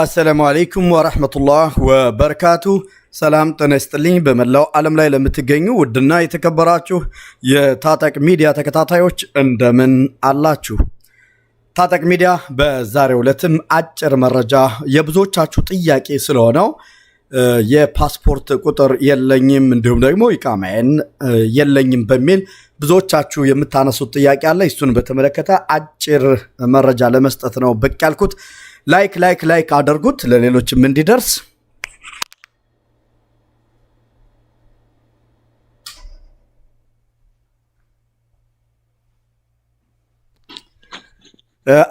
አሰላሙ አሌይኩም ወረህመቱላህ ወበረካቱ። ሰላም ጤና ይስጥልኝ። በመላው ዓለም ላይ ለምትገኙ ውድና የተከበራችሁ የታጠቅ ሚዲያ ተከታታዮች እንደምን አላችሁ? ታጠቅ ሚዲያ በዛሬው ዕለትም አጭር መረጃ የብዙዎቻችሁ ጥያቄ ስለሆነው የፓስፖርት ቁጥር የለኝም እንዲሁም ደግሞ ኢቃማዬን የለኝም በሚል ብዙዎቻችሁ የምታነሱት ጥያቄ አለ። እሱን በተመለከተ አጭር መረጃ ለመስጠት ነው ብቅ ያልኩት። ላይክ ላይክ ላይክ አድርጉት ለሌሎችም እንዲደርስ።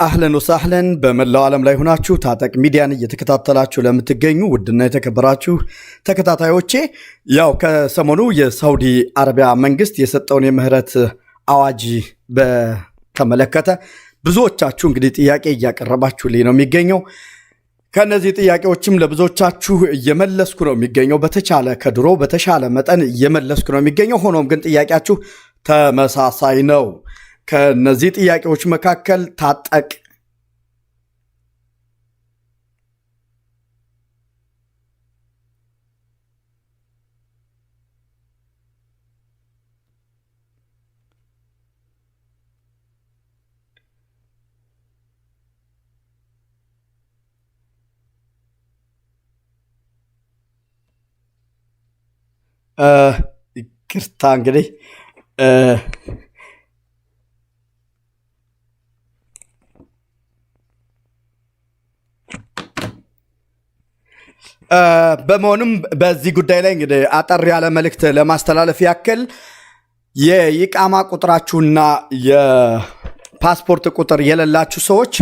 አህለን ወሳህለን በመላው ዓለም ላይ ሆናችሁ ታጠቅ ሚዲያን እየተከታተላችሁ ለምትገኙ ውድና የተከበራችሁ ተከታታዮቼ ያው ከሰሞኑ የሳውዲ አረቢያ መንግስት የሰጠውን የምህረት አዋጅ በተመለከተ ብዙዎቻችሁ እንግዲህ ጥያቄ ልኝ ነው የሚገኘው። ከእነዚህ ጥያቄዎችም ለብዙዎቻችሁ እየመለስኩ ነው የሚገኘው። በተቻለ ከድሮ በተሻለ መጠን እየመለስኩ ነው የሚገኘው። ሆኖም ግን ጥያቄያችሁ ተመሳሳይ ነው። ከነዚህ ጥያቄዎች መካከል ታጠቅ ይቅርታ እንግዲህ በመሆኑም በዚህ ጉዳይ ላይ እንግዲህ አጠር ያለ መልእክት ለማስተላለፍ ያክል የኢቃማ ቁጥራችሁና የፓስፖርት ቁጥር የሌላችሁ ሰዎች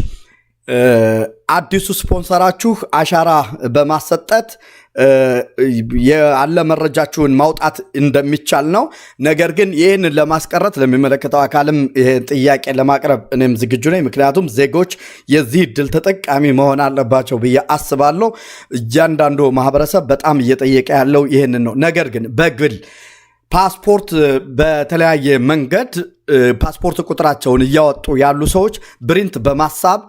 አዲሱ ስፖንሰራችሁ አሻራ በማሰጠት ያለ መረጃችሁን ማውጣት እንደሚቻል ነው። ነገር ግን ይህንን ለማስቀረት ለሚመለከተው አካልም ይህን ጥያቄ ለማቅረብ እኔም ዝግጁ ነኝ። ምክንያቱም ዜጎች የዚህ እድል ተጠቃሚ መሆን አለባቸው ብዬ አስባለሁ። እያንዳንዱ ማህበረሰብ በጣም እየጠየቀ ያለው ይህንን ነው። ነገር ግን በግል ፓስፖርት በተለያየ መንገድ ፓስፖርት ቁጥራቸውን እያወጡ ያሉ ሰዎች ብሪንት በማሳብ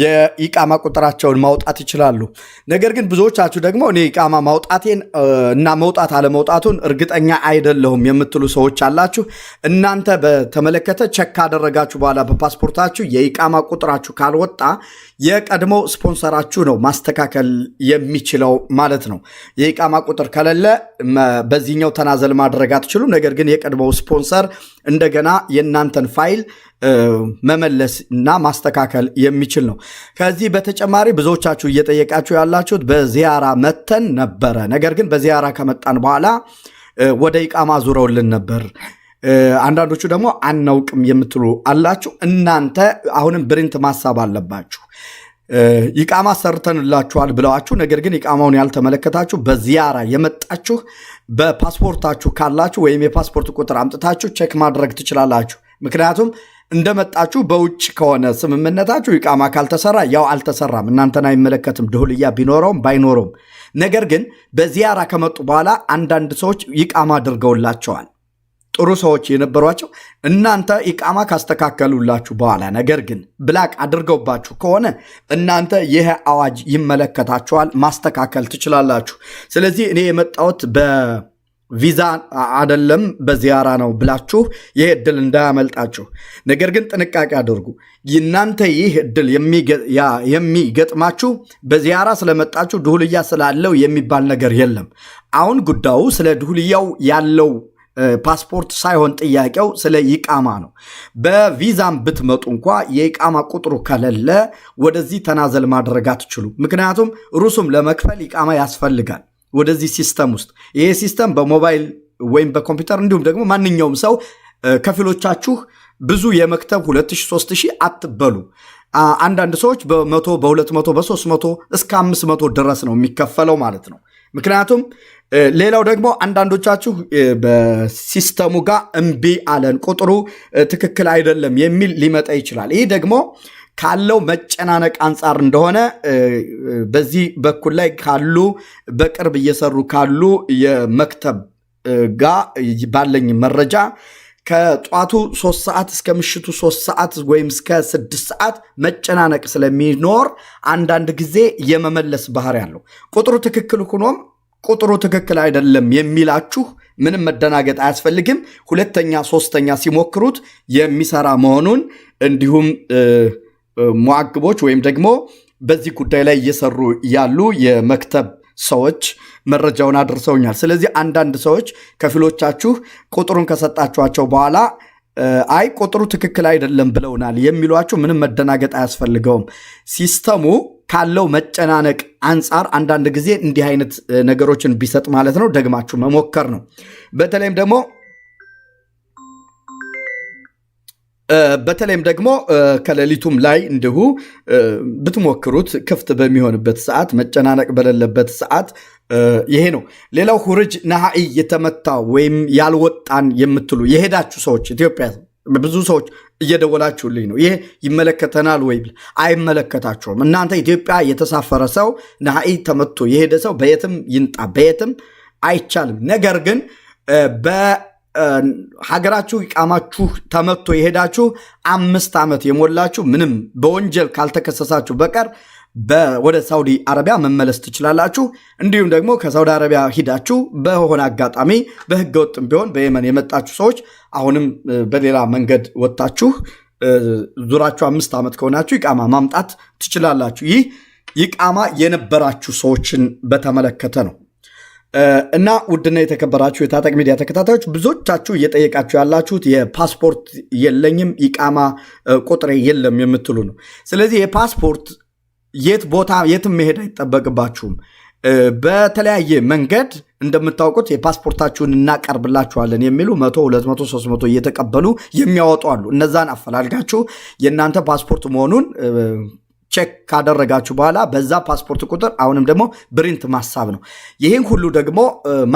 የኢቃማ ቁጥራቸውን ማውጣት ይችላሉ። ነገር ግን ብዙዎቻችሁ ደግሞ እኔ ኢቃማ ማውጣቴን እና መውጣት አለመውጣቱን እርግጠኛ አይደለሁም የምትሉ ሰዎች አላችሁ። እናንተ በተመለከተ ቸክ ካደረጋችሁ በኋላ በፓስፖርታችሁ የኢቃማ ቁጥራችሁ ካልወጣ የቀድሞ ስፖንሰራችሁ ነው ማስተካከል የሚችለው ማለት ነው። የኢቃማ ቁጥር ከሌለ በዚህኛው ተናዘል ማድረግ አትችሉም። ነገር ግን የቀድሞ ስፖንሰር እንደገና የእናንተን ፋይል መመለስ እና ማስተካከል የሚችል ነው። ከዚህ በተጨማሪ ብዙዎቻችሁ እየጠየቃችሁ ያላችሁት በዚያራ መተን ነበረ። ነገር ግን በዚያራ ከመጣን በኋላ ወደ ኢቃማ ዙረውልን ነበር። አንዳንዶቹ ደግሞ አናውቅም የምትሉ አላችሁ። እናንተ አሁንም ብሪንት ማሳብ አለባችሁ። ኢቃማ ሰርተንላችኋል ብለዋችሁ ነገር ግን ኢቃማውን ያልተመለከታችሁ በዚያራ የመጣችሁ በፓስፖርታችሁ ካላችሁ ወይም የፓስፖርት ቁጥር አምጥታችሁ ቼክ ማድረግ ትችላላችሁ። ምክንያቱም እንደመጣችሁ በውጭ ከሆነ ስምምነታችሁ ይቃማ ካልተሰራ ያው አልተሰራም፣ እናንተን አይመለከትም፣ ድሁልያ ቢኖረውም ባይኖረውም። ነገር ግን በዚያራ ከመጡ በኋላ አንዳንድ ሰዎች ይቃማ አድርገውላቸዋል። ጥሩ ሰዎች የነበሯቸው እናንተ ኢቃማ ካስተካከሉላችሁ በኋላ ነገር ግን ብላቅ አድርገውባችሁ ከሆነ እናንተ ይህ አዋጅ ይመለከታችኋል፣ ማስተካከል ትችላላችሁ። ስለዚህ እኔ የመጣሁት በ ቪዛ አደለም በዚያራ ነው ብላችሁ ይህ እድል እንዳያመልጣችሁ። ነገር ግን ጥንቃቄ አድርጉ። እናንተ ይህ እድል የሚገጥማችሁ በዚያራ ስለመጣችሁ ድሁልያ ስላለው የሚባል ነገር የለም። አሁን ጉዳዩ ስለ ድሁልያው ያለው ፓስፖርት ሳይሆን ጥያቄው ስለ ይቃማ ነው። በቪዛም ብትመጡ እንኳ የይቃማ ቁጥሩ ከሌለ ወደዚህ ተናዘል ማድረግ አትችሉ። ምክንያቱም ሩሱም ለመክፈል ይቃማ ያስፈልጋል። ወደዚህ ሲስተም ውስጥ ይሄ ሲስተም በሞባይል ወይም በኮምፒውተር እንዲሁም ደግሞ ማንኛውም ሰው ከፊሎቻችሁ ብዙ የመክተብ 2300 አትበሉ። አንዳንድ ሰዎች በመቶ በሁለት መቶ በሶስት መቶ እስከ አምስት መቶ ድረስ ነው የሚከፈለው ማለት ነው። ምክንያቱም ሌላው ደግሞ አንዳንዶቻችሁ በሲስተሙ ጋር እምቢ አለን ቁጥሩ ትክክል አይደለም የሚል ሊመጣ ይችላል። ይህ ደግሞ ካለው መጨናነቅ አንጻር እንደሆነ በዚህ በኩል ላይ ካሉ በቅርብ እየሰሩ ካሉ የመክተብ ጋር ባለኝ መረጃ ከጧቱ ሶስት ሰዓት እስከ ምሽቱ ሶስት ሰዓት ወይም እስከ ስድስት ሰዓት መጨናነቅ ስለሚኖር አንዳንድ ጊዜ የመመለስ ባህሪ ያለው ቁጥሩ ትክክል ሆኖም ቁጥሩ ትክክል አይደለም የሚላችሁ ምንም መደናገጥ አያስፈልግም። ሁለተኛ ሶስተኛ ሲሞክሩት የሚሰራ መሆኑን እንዲሁም ሙዓቅቦች ወይም ደግሞ በዚህ ጉዳይ ላይ እየሰሩ ያሉ የመክተብ ሰዎች መረጃውን አድርሰውኛል። ስለዚህ አንዳንድ ሰዎች ከፊሎቻችሁ ቁጥሩን ከሰጣችኋቸው በኋላ አይ ቁጥሩ ትክክል አይደለም ብለውናል የሚሏችሁ ምንም መደናገጥ አያስፈልገውም። ሲስተሙ ካለው መጨናነቅ አንጻር አንዳንድ ጊዜ እንዲህ አይነት ነገሮችን ቢሰጥ ማለት ነው ደግማችሁ መሞከር ነው። በተለይም ደግሞ በተለይም ደግሞ ከሌሊቱም ላይ እንዲሁ ብትሞክሩት ክፍት በሚሆንበት ሰዓት፣ መጨናነቅ በሌለበት ሰዓት ይሄ ነው። ሌላው ሁርጅ ነሐይ የተመታ ወይም ያልወጣን የምትሉ የሄዳችሁ ሰዎች ኢትዮጵያ ብዙ ሰዎች እየደወላችሁልኝ ነው። ይሄ ይመለከተናል ወይ? አይመለከታችሁም። እናንተ ኢትዮጵያ የተሳፈረ ሰው ነሐይ ተመቶ የሄደ ሰው በየትም ይንጣ በየትም አይቻልም። ነገር ግን ሀገራችሁ ቃማችሁ ተመቶ የሄዳችሁ አምስት ዓመት የሞላችሁ ምንም በወንጀል ካልተከሰሳችሁ በቀር ወደ ሳውዲ አረቢያ መመለስ ትችላላችሁ። እንዲሁም ደግሞ ከሳውዲ አረቢያ ሂዳችሁ በሆነ አጋጣሚ በህገ ወጥም ቢሆን በየመን የመጣችሁ ሰዎች አሁንም በሌላ መንገድ ወጥታችሁ ዙራችሁ አምስት ዓመት ከሆናችሁ ይቃማ ማምጣት ትችላላችሁ። ይህ ይቃማ የነበራችሁ ሰዎችን በተመለከተ ነው። እና ውድና የተከበራችሁ የታጠቅ ሚዲያ ተከታታዮች ብዙዎቻችሁ እየጠየቃችሁ ያላችሁት የፓስፖርት የለኝም ይቃማ ቁጥሬ የለም የምትሉ ነው። ስለዚህ የፓስፖርት የት ቦታ የትም መሄድ አይጠበቅባችሁም። በተለያየ መንገድ እንደምታውቁት የፓስፖርታችሁን እናቀርብላችኋለን የሚሉ መቶ ሁለት መቶ ሶስት መቶ እየተቀበሉ የሚያወጡ አሉ። እነዛን አፈላልጋችሁ የእናንተ ፓስፖርት መሆኑን ቼክ ካደረጋችሁ በኋላ በዛ ፓስፖርት ቁጥር አሁንም ደግሞ ብሪንት ማሳብ ነው። ይህን ሁሉ ደግሞ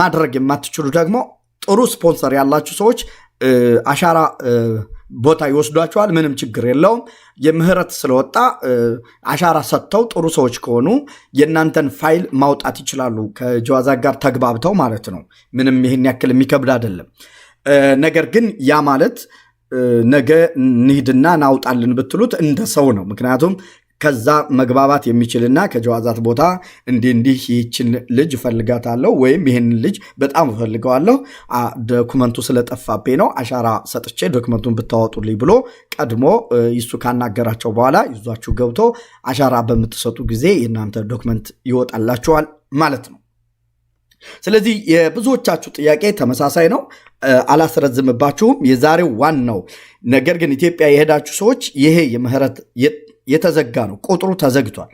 ማድረግ የማትችሉ ደግሞ ጥሩ ስፖንሰር ያላችሁ ሰዎች አሻራ ቦታ ይወስዷቸዋል። ምንም ችግር የለውም። የምህረት ስለወጣ አሻራ ሰጥተው ጥሩ ሰዎች ከሆኑ የእናንተን ፋይል ማውጣት ይችላሉ። ከጀዋዛ ጋር ተግባብተው ማለት ነው። ምንም ይህን ያክል የሚከብድ አይደለም። ነገር ግን ያ ማለት ነገ እንሂድና እናውጣልን ብትሉት እንደ ሰው ነው። ምክንያቱም ከዛ መግባባት የሚችልና ከጀዋዛት ቦታ እንዲህ እንዲህ ይህችን ልጅ እፈልጋታለሁ ወይም ይህን ልጅ በጣም እፈልገዋለሁ፣ ዶክመንቱ ስለጠፋቤ ነው አሻራ ሰጥቼ ዶክመንቱን ብታወጡልኝ ብሎ ቀድሞ ይሱ ካናገራቸው በኋላ ይዟችሁ ገብቶ አሻራ በምትሰጡ ጊዜ የእናንተ ዶክመንት ይወጣላችኋል ማለት ነው። ስለዚህ የብዙዎቻችሁ ጥያቄ ተመሳሳይ ነው። አላስረዝምባችሁም። የዛሬው ዋናው ነገር ግን ኢትዮጵያ የሄዳችሁ ሰዎች ይሄ የምህረት የተዘጋ ነው። ቁጥሩ ተዘግቷል።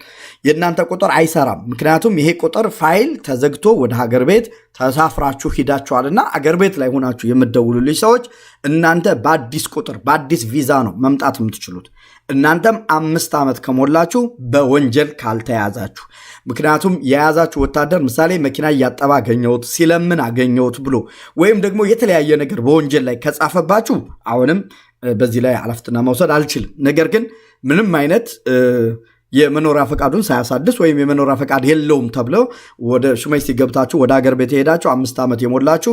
የእናንተ ቁጥር አይሰራም። ምክንያቱም ይሄ ቁጥር ፋይል ተዘግቶ ወደ ሀገር ቤት ተሳፍራችሁ ሂዳችኋልና አገር ቤት ላይ ሆናችሁ ልጅ ሰዎች እናንተ በአዲስ ቁጥር በአዲስ ቪዛ ነው መምጣት የምትችሉት። እናንተም አምስት ዓመት ከሞላችሁ በወንጀል ካልተያዛችሁ። ምክንያቱም የያዛችሁ ወታደር ምሳሌ መኪና እያጠባ አገኘሁት ሲለምን አገኘሁት ብሎ ወይም ደግሞ የተለያየ ነገር በወንጀል ላይ ከጻፈባችሁ አሁንም በዚህ ላይ አላፍትና መውሰድ አልችልም። ነገር ግን ምንም አይነት የመኖሪያ ፈቃዱን ሳያሳድስ ወይም የመኖሪያ ፈቃድ የለውም ተብለው ወደ ሹመይ ሲገብታችሁ ወደ ሀገር ቤት የሄዳችሁ አምስት ዓመት የሞላችሁ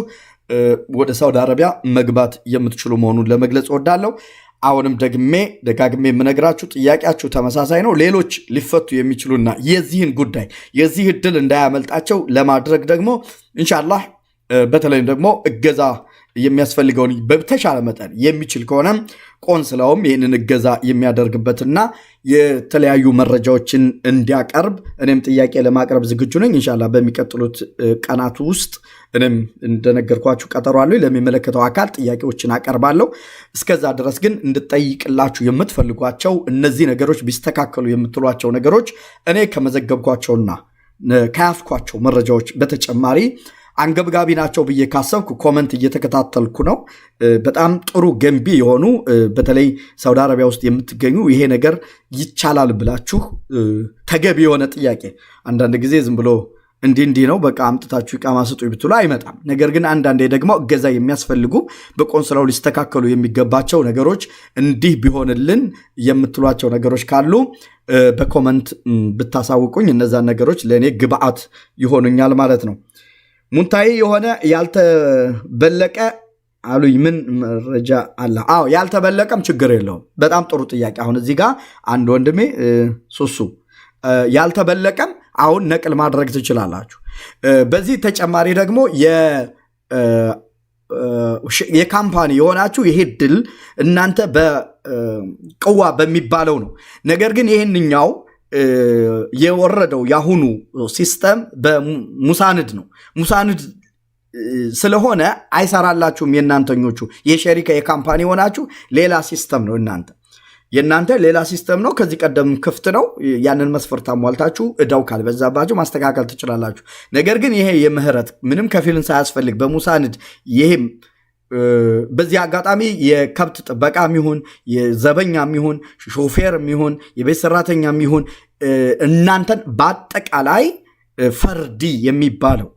ወደ ሳውዲ አረቢያ መግባት የምትችሉ መሆኑን ለመግለጽ ወዳለው። አሁንም ደግሜ ደጋግሜ የምነግራችሁ ጥያቄያችሁ ተመሳሳይ ነው። ሌሎች ሊፈቱ የሚችሉና የዚህን ጉዳይ የዚህ እድል እንዳያመልጣቸው ለማድረግ ደግሞ እንሻላህ በተለይም ደግሞ እገዛ የሚያስፈልገውን በተሻለ መጠን የሚችል ከሆነ ቆንስላውም ይህንን እገዛ የሚያደርግበትና የተለያዩ መረጃዎችን እንዲያቀርብ እኔም ጥያቄ ለማቅረብ ዝግጁ ነኝ። እንሻላ በሚቀጥሉት ቀናቱ ውስጥ እኔም እንደነገርኳችሁ ቀጠሮ አለኝ። ለሚመለከተው አካል ጥያቄዎችን አቀርባለሁ። እስከዛ ድረስ ግን እንድጠይቅላችሁ የምትፈልጓቸው እነዚህ ነገሮች ቢስተካከሉ የምትሏቸው ነገሮች እኔ ከመዘገብኳቸውና ከያዝኳቸው መረጃዎች በተጨማሪ አንገብጋቢ ናቸው ብዬ ካሰብኩ ኮመንት እየተከታተልኩ ነው። በጣም ጥሩ ገንቢ የሆኑ በተለይ ሳውዲ አረቢያ ውስጥ የምትገኙ ይሄ ነገር ይቻላል ብላችሁ ተገቢ የሆነ ጥያቄ አንዳንድ ጊዜ ዝም ብሎ እንዲህ እንዲህ ነው በቃ አምጥታችሁ ቃማ ስጡ ብትሉ አይመጣም። ነገር ግን አንዳንዴ ደግሞ እገዛ የሚያስፈልጉ በቆንስላው ሊስተካከሉ የሚገባቸው ነገሮች እንዲህ ቢሆንልን የምትሏቸው ነገሮች ካሉ በኮመንት ብታሳውቁኝ እነዛን ነገሮች ለእኔ ግብአት ይሆኑኛል ማለት ነው። ሙንታይ የሆነ ያልተበለቀ አሉኝ። ምን መረጃ አለ? አዎ ያልተበለቀም ችግር የለውም። በጣም ጥሩ ጥያቄ። አሁን እዚህ ጋር አንድ ወንድሜ ሱሱ ያልተበለቀም አሁን ነቅል ማድረግ ትችላላችሁ። በዚህ ተጨማሪ ደግሞ የካምፓኒ የሆናችሁ ይሄ ድል እናንተ በቅዋ በሚባለው ነው። ነገር ግን ይህንኛው የወረደው የአሁኑ ሲስተም በሙሳንድ ነው። ሙሳንድ ስለሆነ አይሰራላችሁም። የእናንተኞቹ የሸሪከ የካምፓኒ ሆናችሁ ሌላ ሲስተም ነው እናንተ የእናንተ ሌላ ሲስተም ነው። ከዚህ ቀደም ክፍት ነው። ያንን መስፈርት አሟልታችሁ እዳው ካልበዛባችሁ ማስተካከል ትችላላችሁ። ነገር ግን ይሄ የምህረት ምንም ከፊልን ሳያስፈልግ በሙሳንድ ይሄም በዚህ አጋጣሚ የከብት ጥበቃ የሚሆን የዘበኛ የሚሆን ሾፌር የሚሆን የቤት ሰራተኛ የሚሆን እናንተን በአጠቃላይ ፈርዲ የሚባለው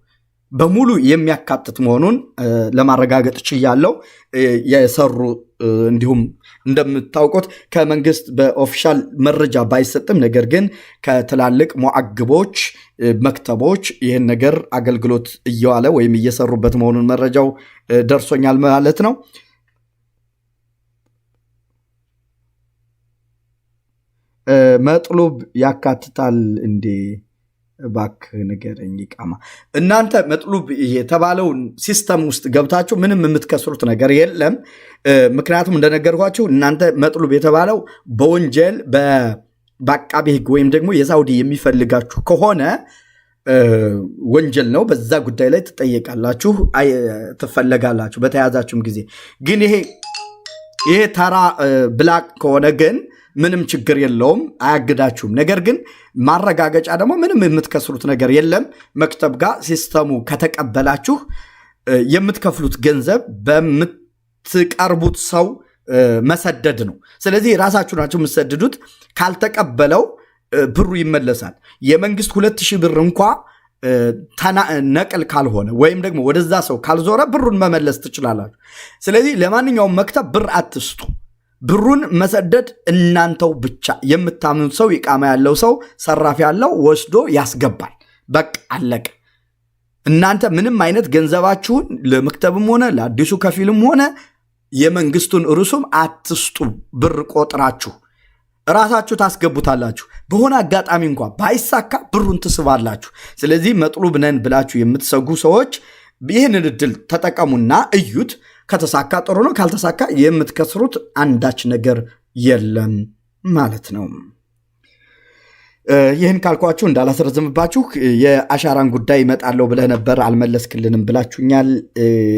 በሙሉ የሚያካትት መሆኑን ለማረጋገጥ ችያለው። የሰሩ እንዲሁም እንደምታውቁት ከመንግስት በኦፊሻል መረጃ ባይሰጥም፣ ነገር ግን ከትላልቅ ሞዓግቦች መክተቦች ይህን ነገር አገልግሎት እየዋለ ወይም እየሰሩበት መሆኑን መረጃው ደርሶኛል ማለት ነው። መጥሉብ ያካትታል እንዴ? እባክህ ንገረኝ ቃማ እናንተ መጥሉብ የተባለውን ሲስተም ውስጥ ገብታችሁ ምንም የምትከስሩት ነገር የለም። ምክንያቱም እንደነገርኳችሁ እናንተ መጥሉብ የተባለው በወንጀል በአቃቢ ሕግ ወይም ደግሞ የሳውዲ የሚፈልጋችሁ ከሆነ ወንጀል ነው። በዛ ጉዳይ ላይ ትጠየቃላችሁ፣ ትፈለጋላችሁ በተያዛችሁም ጊዜ። ግን ይሄ ይሄ ተራ ብላቅ ከሆነ ግን ምንም ችግር የለውም፣ አያግዳችሁም። ነገር ግን ማረጋገጫ ደግሞ ምንም የምትከስሩት ነገር የለም። መክተብ ጋር ሲስተሙ ከተቀበላችሁ የምትከፍሉት ገንዘብ በምትቀርቡት ሰው መሰደድ ነው። ስለዚህ ራሳችሁ ናቸው የምትሰድዱት። ካልተቀበለው ብሩ ይመለሳል። የመንግስት ሁለት ሺህ ብር እንኳ ነቅል ካልሆነ ወይም ደግሞ ወደዛ ሰው ካልዞረ ብሩን መመለስ ትችላላችሁ። ስለዚህ ለማንኛውም መክተብ ብር አትስጡ። ብሩን መሰደድ እናንተው ብቻ የምታምኑት ሰው ይቃማ ያለው ሰው ሰራፊ ያለው ወስዶ ያስገባል። በቃ አለቀ። እናንተ ምንም አይነት ገንዘባችሁን ለመክተብም ሆነ ለአዲሱ ከፊልም ሆነ የመንግስቱን ርሱም አትስጡ። ብር ቆጥራችሁ እራሳችሁ ታስገቡታላችሁ። በሆነ አጋጣሚ እንኳ ባይሳካ ብሩን ትስባላችሁ። ስለዚህ መጥሉብ ነን ብላችሁ የምትሰጉ ሰዎች ይህንን እድል ተጠቀሙና እዩት። ከተሳካ ጥሩ ነው፣ ካልተሳካ የምትከስሩት አንዳች ነገር የለም ማለት ነው። ይህን ካልኳችሁ እንዳላስረዝምባችሁ የአሻራን ጉዳይ እመጣለሁ ብለህ ነበር አልመለስክልንም ብላችሁኛል።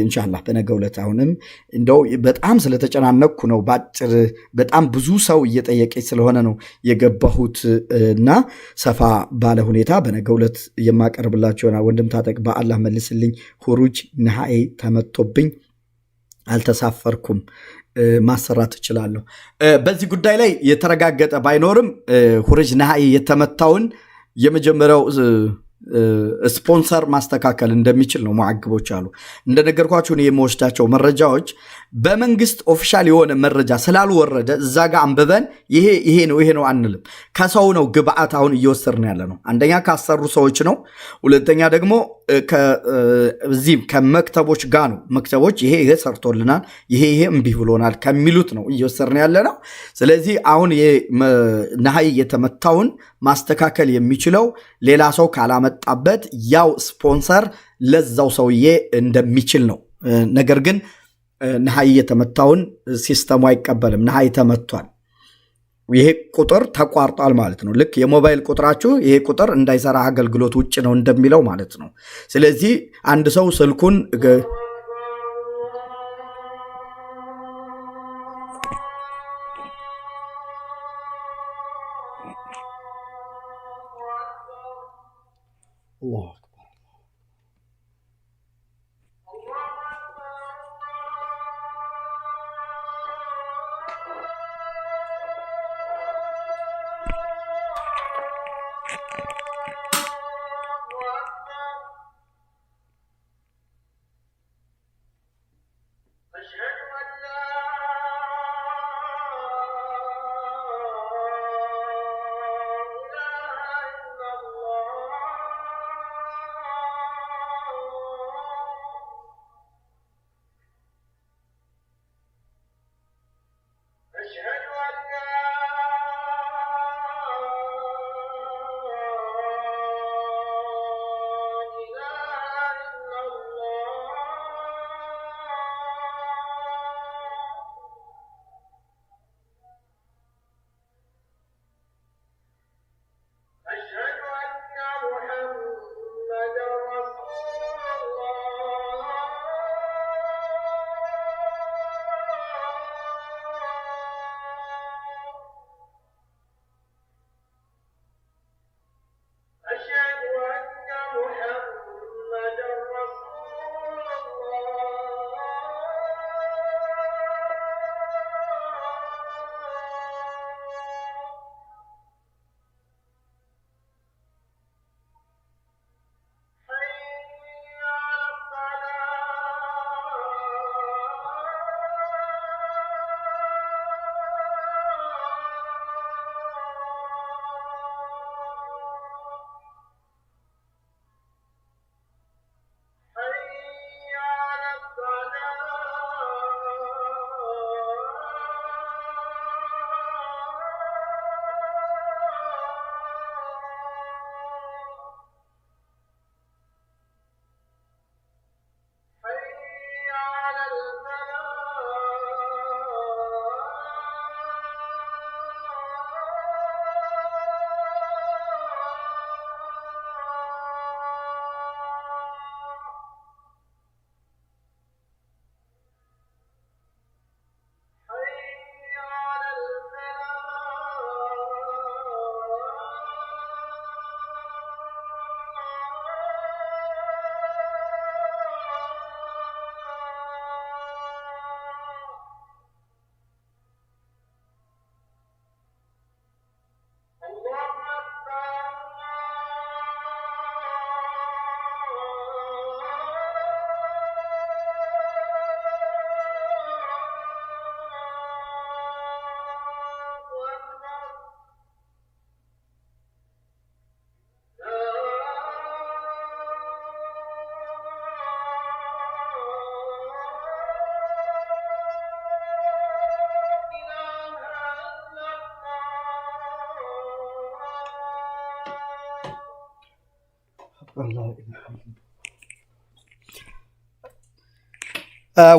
እንሻላ በነገ ዕለት አሁንም እንደው በጣም ስለተጨናነቅኩ ነው በአጭር በጣም ብዙ ሰው እየጠየቀኝ ስለሆነ ነው የገባሁት እና ሰፋ ባለ ሁኔታ በነገ ዕለት የማቀርብላችሁ ወንድም ታጠቅ በአላህ መልስልኝ ሁሩጅ ነሐኤ ተመቶብኝ አልተሳፈርኩም ማሰራት እችላለሁ። በዚህ ጉዳይ ላይ የተረጋገጠ ባይኖርም ሁርጅ ነሐይ የተመታውን የመጀመሪያው ስፖንሰር ማስተካከል እንደሚችል ነው ማግቦች አሉ። እንደነገርኳችሁ የምወስዳቸው መረጃዎች በመንግስት ኦፊሻል የሆነ መረጃ ስላልወረደ እዛ ጋር አንብበን ይሄ ይሄ ነው ይሄ ነው አንልም። ከሰው ነው ግብአት አሁን እየወሰድን ያለ ነው። አንደኛ ካሰሩ ሰዎች ነው። ሁለተኛ ደግሞ እዚህም ከመክተቦች ጋር ነው። መክተቦች ይሄ ይሄ ሰርቶልናል፣ ይሄ ይሄ እምቢ ብሎናል ከሚሉት ነው እየወሰድን ያለ ነው። ስለዚህ አሁን ነሐይ የተመታውን ማስተካከል የሚችለው ሌላ ሰው ካላመጣበት ያው ስፖንሰር ለዛው ሰውዬ እንደሚችል ነው። ነገር ግን ነሐይ የተመታውን ሲስተሙ አይቀበልም። ነሐይ ተመቷል። ይሄ ቁጥር ተቋርጧል ማለት ነው። ልክ የሞባይል ቁጥራችሁ ይሄ ቁጥር እንዳይሰራ አገልግሎት ውጭ ነው እንደሚለው ማለት ነው። ስለዚህ አንድ ሰው ስልኩን አላህ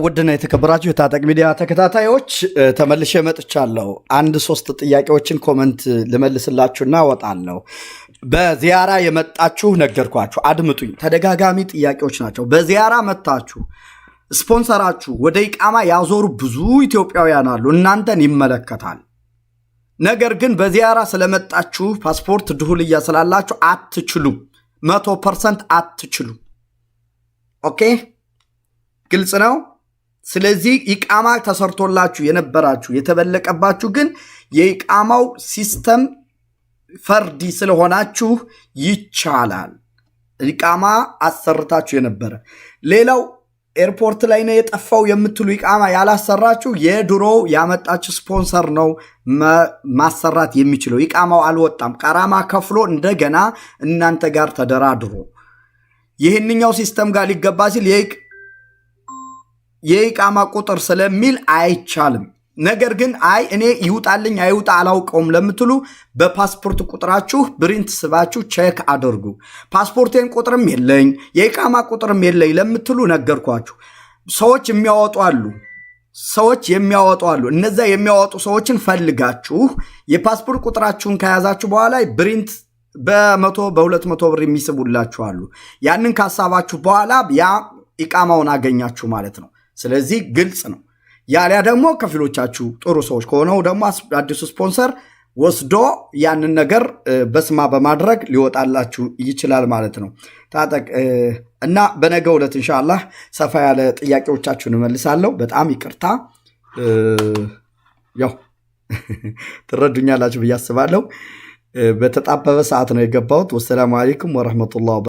ውድና የተከበራችሁ የታጠቅ ሚዲያ ተከታታዮች ተመልሼ መጥቻለሁ። አንድ ሶስት ጥያቄዎችን ኮመንት ልመልስላችሁና ወጣለሁ በዚያራ የመጣችሁ ነገርኳችሁ፣ አድምጡኝ። ተደጋጋሚ ጥያቄዎች ናቸው። በዚያራ መታችሁ ስፖንሰራችሁ ወደ ኢቃማ ያዞሩ ብዙ ኢትዮጵያውያን አሉ። እናንተን ይመለከታል። ነገር ግን በዚያራ ስለመጣችሁ ፓስፖርት ድሁልያ ስላላችሁ አትችሉም። መቶ ፐርሰንት አትችሉም። ኦኬ ግልጽ ነው። ስለዚህ ኢቃማ ተሰርቶላችሁ የነበራችሁ የተበለቀባችሁ ግን የኢቃማው ሲስተም ፈርዲ ስለሆናችሁ ይቻላል። ኢቃማ አሰርታችሁ የነበረ ሌላው ኤርፖርት ላይ ነው የጠፋው የምትሉ ኢቃማ ያላሰራችሁ የድሮው ያመጣችሁ ስፖንሰር ነው ማሰራት የሚችለው። ኢቃማው አልወጣም። ቀራማ ከፍሎ እንደገና እናንተ ጋር ተደራድሮ ይህንኛው ሲስተም ጋር ሊገባ ሲል የኢቃማ ቁጥር ስለሚል አይቻልም። ነገር ግን አይ እኔ ይውጣልኝ አይውጣ አላውቀውም ለምትሉ በፓስፖርት ቁጥራችሁ ብሪንት ስባችሁ ቼክ አድርጉ። ፓስፖርቴን ቁጥርም የለኝ የኢቃማ ቁጥርም የለኝ ለምትሉ ነገርኳችሁ። ሰዎች የሚያወጡ አሉ ሰዎች የሚያወጡ አሉ። እነዚያ የሚያወጡ ሰዎችን ፈልጋችሁ የፓስፖርት ቁጥራችሁን ከያዛችሁ በኋላ ብሪንት በመቶ በሁለት መቶ ብር የሚስቡላችሁ አሉ። ያንን ካሳባችሁ በኋላ ያ ኢቃማውን አገኛችሁ ማለት ነው። ስለዚህ ግልጽ ነው። ያሊያ ደግሞ ከፊሎቻችሁ ጥሩ ሰዎች ከሆነው ደግሞ አዲሱ ስፖንሰር ወስዶ ያንን ነገር በስማ በማድረግ ሊወጣላችሁ ይችላል ማለት ነው። ታጠቅ እና በነገ ዕለት እንሻላ ሰፋ ያለ ጥያቄዎቻችሁን እመልሳለሁ። በጣም ይቅርታ ያው ትረዱኛላችሁ ብዬ አስባለሁ። በተጣበበ ሰዓት ነው የገባሁት። ወሰላሙ አሌይኩም ወረሕመቱላህ